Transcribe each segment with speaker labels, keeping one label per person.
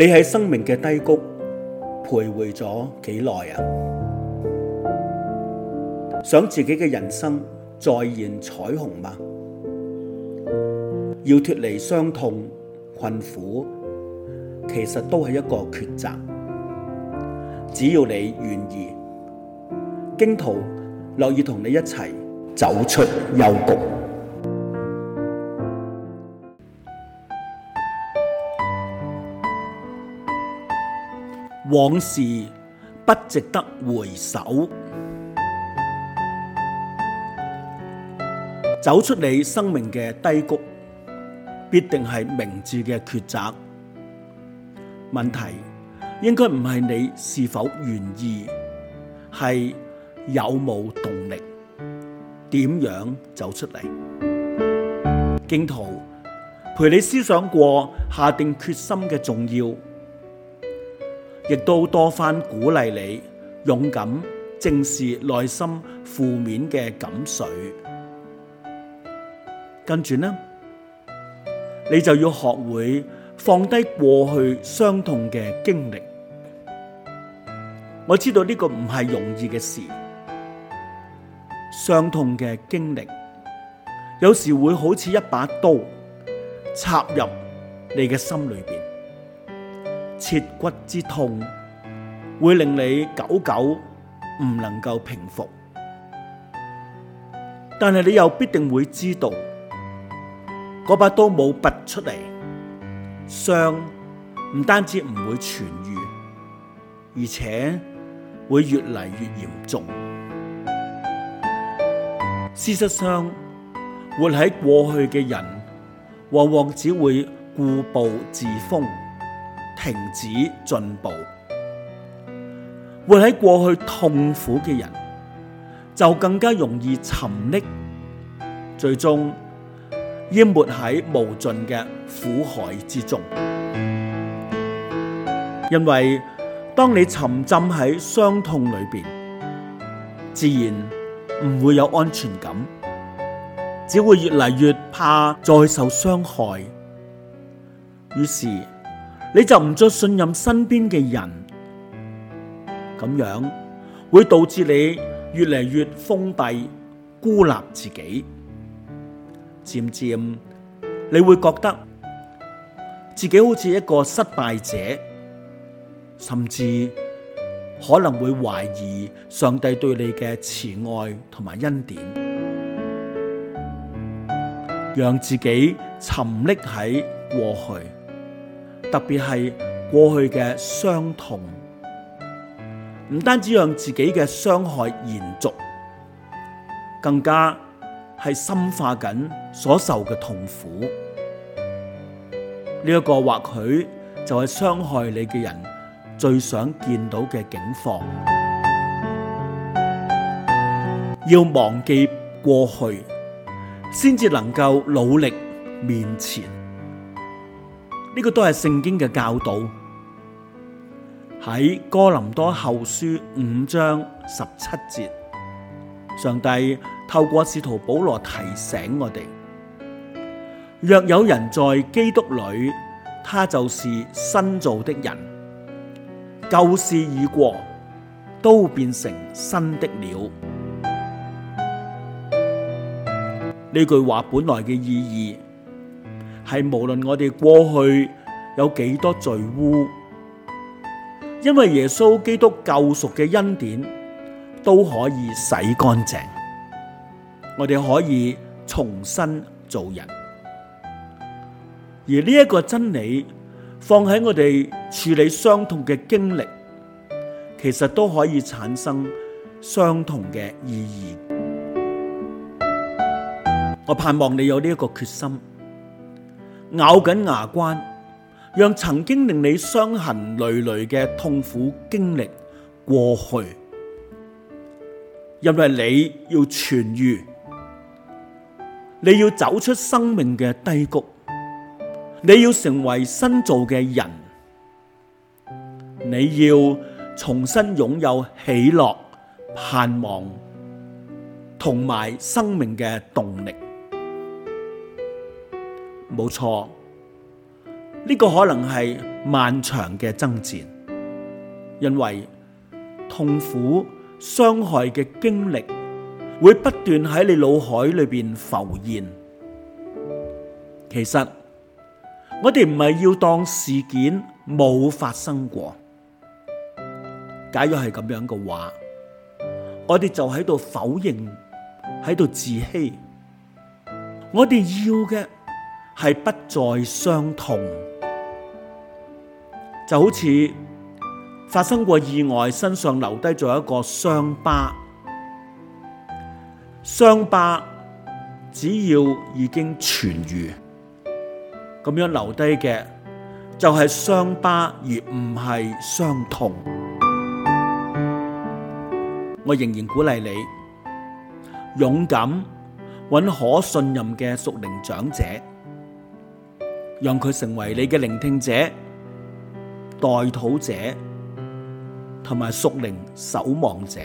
Speaker 1: 你喺生命嘅低谷徘徊咗幾耐啊？想自己嘅人生再現彩虹嗎？要脫離傷痛困苦，其實都係一個抉擇。只要你願意，荊徒樂意同你一齊走出幽谷。往事不值得回首，走出你生命嘅低谷，必定係明智嘅抉擇。問題應該唔係你是否願意，係有冇動力，點樣走出嚟？荊徒陪你思想過下定決心嘅重要。亦都多番鼓勵你勇敢正視內心負面嘅感緒，跟住呢，你就要學會放低過去傷痛嘅經歷。我知道呢個唔係容易嘅事，傷痛嘅經歷有時會好似一把刀插入你嘅心裏邊。切骨之痛會令你久久唔能夠平復，但係你又必定會知道，嗰把刀冇拔出嚟，傷唔單止唔會痊癒，而且會越嚟越嚴重。事實上，活喺過去嘅人，往往只會固步自封。停止進步，活喺過去痛苦嘅人，就更加容易沉溺，最終淹沒喺無盡嘅苦海之中。因為當你沉浸喺傷痛裏面，自然唔會有安全感，只會越嚟越怕再受傷害，於是，你就唔再信任身邊嘅人，咁樣會導致你越嚟越封閉、孤立自己，漸漸你會覺得自己好似一個失敗者，甚至可能會懷疑上帝對你嘅慈愛同埋恩典，讓自己沉溺喺過去。特別係過去嘅傷痛，唔單止讓自己嘅傷害延續，更加係深化緊所受嘅痛苦。呢、這、一個或許就係傷害你嘅人最想見到嘅境況。要忘記過去，先至能夠努力面前。呢個都係聖經嘅教導，喺哥林多後書五章十七節，上帝透過使徒保羅提醒我哋：若有人在基督裡，他就是新造的人，舊事已過，都變成新的了。呢句話本來嘅意義。係無論我哋過去有幾多罪污，因為耶穌基督救贖嘅恩典都可以洗乾淨，我哋可以重新做人。而呢一個真理放喺我哋處理傷痛嘅經歷，其實都可以產生相同嘅意義。我盼望你有呢一個決心。咬緊牙關，讓曾經令你傷痕累累嘅痛苦經歷過去，因為你要痊癒，你要走出生命嘅低谷，你要成為新造嘅人，你要重新擁有喜樂、盼望同埋生命嘅動力。冇錯，呢個可能係漫長嘅爭戰，因為痛苦傷害嘅經歷會不斷喺你腦海裏邊浮現。其實我哋唔係要當事件冇發生過，假如係咁樣嘅話，我哋就喺度否認，喺度自欺。我哋要嘅。係不再傷痛，就好似發生過意外，身上留低咗一個傷疤。傷疤只要已經痊癒，咁樣留低嘅就係傷疤，而唔係傷痛。我仍然鼓勵你勇敢揾可信任嘅屬靈長者。讓佢成為你嘅聆聽者、代禱者同埋屬靈守望者。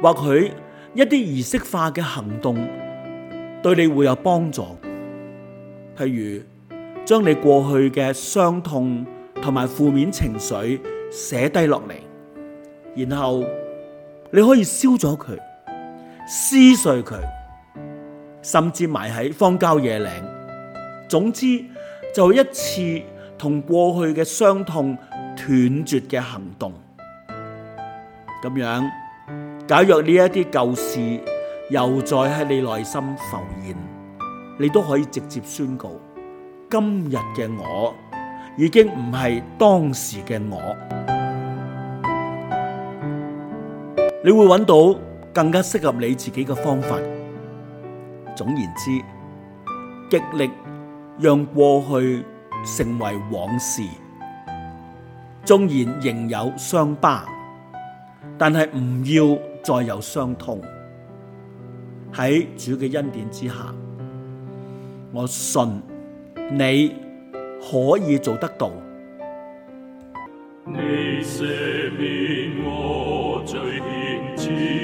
Speaker 1: 或許一啲儀式化嘅行動對你會有幫助，譬如將你過去嘅傷痛同埋負面情緒寫低落嚟，然後你可以燒咗佢、撕碎佢。甚至埋喺荒郊野嶺，總之就一次同過去嘅傷痛斷絕嘅行動。咁樣，假若呢一啲舊事又再喺你內心浮現，你都可以直接宣告：今日嘅我已經唔係當時嘅我。你會揾到更加適合你自己嘅方法。總言之，極力讓過去成為往事，縱然仍有傷疤，但係唔要再有傷痛。喺主嘅恩典之下，我信你可以做得到。
Speaker 2: 你赦免我最賢智。